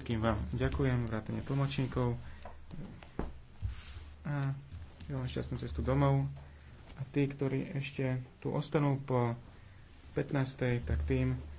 Všetkým vám ďakujem, vrátane tlmočníkov a želám šťastnú cestu domov. A tí, ktorí ešte tu ostanú po 15. tak tým